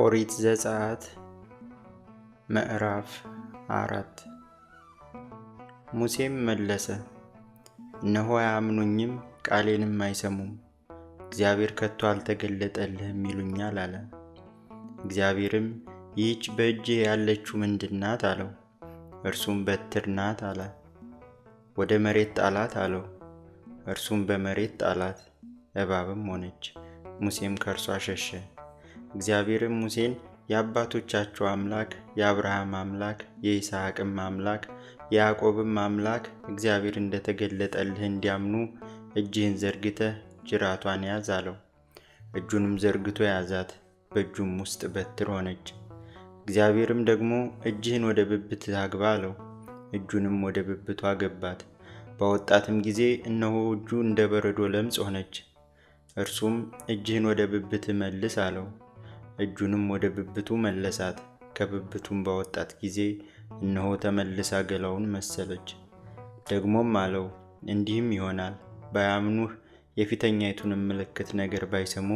ኦሪት ዘጸአት ምዕራፍ አራት ሙሴም መለሰ፣ እነሆ አያምኑኝም፣ ቃሌንም አይሰሙም፣ እግዚአብሔር ከቶ አልተገለጠልህም ይሉኛል አለ። እግዚአብሔርም ይህች በእጅ ያለችው ምንድን ናት አለው። እርሱም በትር ናት አለ። ወደ መሬት ጣላት አለው። እርሱም በመሬት ጣላት፣ እባብም ሆነች። ሙሴም ከእርሷ ሸሸ። እግዚአብሔርም ሙሴን የአባቶቻቸው አምላክ የአብርሃም አምላክ የይስሐቅም አምላክ የያዕቆብም አምላክ እግዚአብሔር እንደተገለጠልህ እንዲያምኑ እጅህን ዘርግተ ጅራቷን ያዝ አለው። እጁንም ዘርግቶ ያዛት፣ በእጁም ውስጥ በትር ሆነች። እግዚአብሔርም ደግሞ እጅህን ወደ ብብት አግባ አለው። እጁንም ወደ ብብቱ አገባት። በወጣትም ጊዜ እነሆ እጁ እንደ በረዶ ለምጽ ሆነች። እርሱም እጅህን ወደ ብብት መልስ አለው። እጁንም ወደ ብብቱ መለሳት። ከብብቱም በወጣት ጊዜ እነሆ ተመልሳ ገላውን መሰለች። ደግሞም አለው፣ እንዲህም ይሆናል ባያምኑህ፣ የፊተኛይቱንም ምልክት ነገር ባይሰሙ፣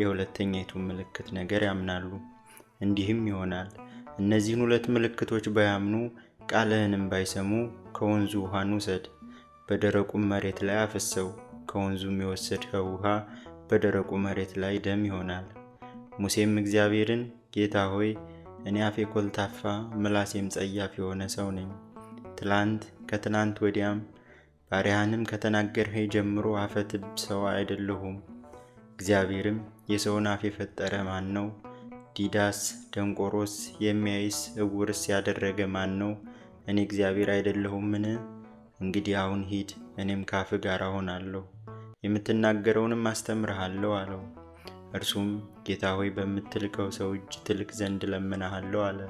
የሁለተኛይቱን ምልክት ነገር ያምናሉ። እንዲህም ይሆናል እነዚህን ሁለት ምልክቶች ባያምኑ፣ ቃልህንም ባይሰሙ፣ ከወንዙ ውሃን ውሰድ፣ በደረቁም መሬት ላይ አፈሰው ከወንዙም የወሰድኸው ውሃ በደረቁ መሬት ላይ ደም ይሆናል። ሙሴም እግዚአብሔርን ጌታ ሆይ እኔ አፌ ኮልታፋ ምላሴም ጸያፍ የሆነ ሰው ነኝ። ትላንት ከትናንት ወዲያም ባሪያህንም ከተናገርኸኝ ጀምሮ አፈትብ ሰው አይደለሁም። እግዚአብሔርም የሰውን አፍ የፈጠረ ማን ነው? ዲዳስ፣ ደንቆሮስ፣ የሚያይስ፣ እውርስ ያደረገ ማን ነው? እኔ እግዚአብሔር አይደለሁምን? እንግዲህ አሁን ሂድ፣ እኔም ካፍ ጋር እሆናለሁ፣ የምትናገረውንም አስተምርሃለሁ አለው። እርሱም ጌታ ሆይ በምትልከው ሰው እጅ ትልቅ ዘንድ ለምናሃለሁ አለ።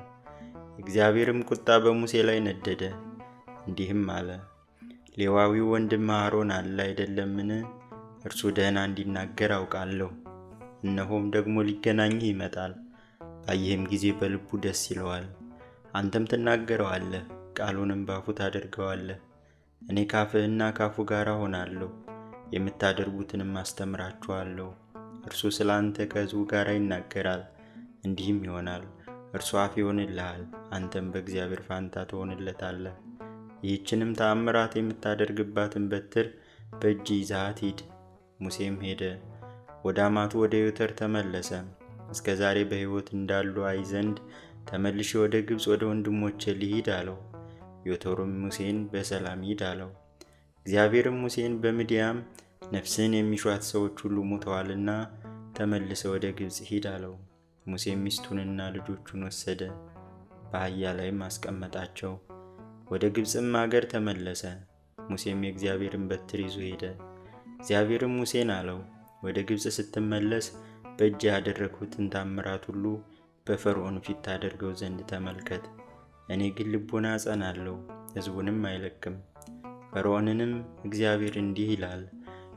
እግዚአብሔርም ቁጣ በሙሴ ላይ ነደደ፣ እንዲህም አለ ሌዋዊው ወንድም አሮን አለ አይደለምን? እርሱ ደህና እንዲናገር አውቃለሁ። እነሆም ደግሞ ሊገናኝህ ይመጣል። ባየህም ጊዜ በልቡ ደስ ይለዋል። አንተም ትናገረዋለህ፣ ቃሉንም ባፉ ታደርገዋለህ። እኔ ካፍህና ካፉ ጋር ሆናለሁ፣ የምታደርጉትንም አስተምራችኋለሁ። እርሱ ስለ አንተ ከህዝቡ ጋር ይናገራል፣ እንዲህም ይሆናል። እርሱ አፍ ይሆንልሃል፣ አንተም በእግዚአብሔር ፋንታ ትሆንለታለህ። ይህችንም ተአምራት የምታደርግባትን በትር በእጅ ይዛት ሂድ። ሙሴም ሄደ፣ ወደ አማቱ ወደ ዮተር ተመለሰ። እስከ ዛሬ በሕይወት እንዳሉ አይ ዘንድ ተመልሽ ወደ ግብፅ ወደ ወንድሞቼ ልሂድ አለው። ዮተሩም ሙሴን በሰላም ሂድ አለው። እግዚአብሔርም ሙሴን በምድያም ነፍስን የሚሿት ሰዎች ሁሉ ሙተዋልና ተመልሰ ወደ ግብፅ ሂድ አለው። ሙሴ ሚስቱንና ልጆቹን ወሰደ፣ በአህያ ላይም አስቀመጣቸው። ወደ ግብፅም አገር ተመለሰ። ሙሴም የእግዚአብሔርን በትር ይዞ ሄደ። እግዚአብሔርም ሙሴን አለው፣ ወደ ግብፅ ስትመለስ በእጅ ያደረግሁትን ታምራት ሁሉ በፈርዖን ፊት ታደርገው ዘንድ ተመልከት። እኔ ግን ልቦና አጸናለሁ፣ ህዝቡንም አይለቅም። ፈርዖንንም እግዚአብሔር እንዲህ ይላል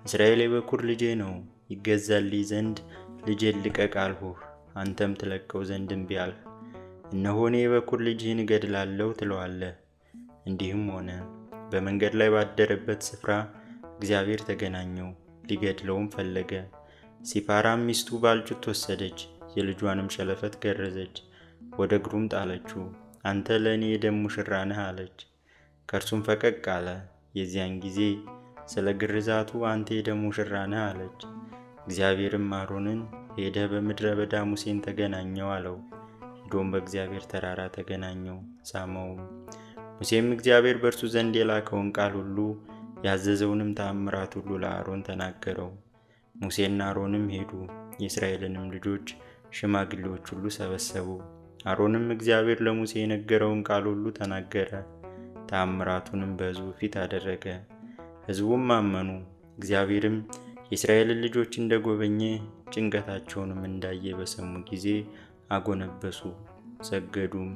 እስራኤል የበኩር ልጄ ነው፣ ይገዛልኝ ዘንድ ልጄን ልቀቅ አልሁህ፣ አንተም ትለቀው ዘንድ እምቢ አልህ። እነሆ እኔ የበኩር ልጅህን እገድላለሁ ትለዋለህ። እንዲህም ሆነ፣ በመንገድ ላይ ባደረበት ስፍራ እግዚአብሔር ተገናኘው፣ ሊገድለውም ፈለገ። ሲፓራም ሚስቱ ባልጩት ወሰደች፣ የልጇንም ሸለፈት ገረዘች፣ ወደ እግሩም ጣለችው። አንተ ለእኔ የደም ሙሽራ ነህ አለች። ከእርሱም ፈቀቅ አለ። የዚያን ጊዜ ስለ ግርዛቱ አንተ የደም ሙሽራ ነህ አለች። እግዚአብሔርም አሮንን ሄደህ በምድረ በዳ ሙሴን ተገናኘው አለው። ሄዶም በእግዚአብሔር ተራራ ተገናኘው፣ ሳመውም። ሙሴም እግዚአብሔር በእርሱ ዘንድ የላከውን ቃል ሁሉ ያዘዘውንም ተአምራት ሁሉ ለአሮን ተናገረው። ሙሴና አሮንም ሄዱ፣ የእስራኤልንም ልጆች ሽማግሌዎች ሁሉ ሰበሰቡ። አሮንም እግዚአብሔር ለሙሴ የነገረውን ቃል ሁሉ ተናገረ፣ ተአምራቱንም በሕዝቡ ፊት አደረገ። ሕዝቡም አመኑ። እግዚአብሔርም የእስራኤልን ልጆች እንደጎበኘ ጭንቀታቸውንም እንዳየ በሰሙ ጊዜ አጎነበሱ፣ ሰገዱም።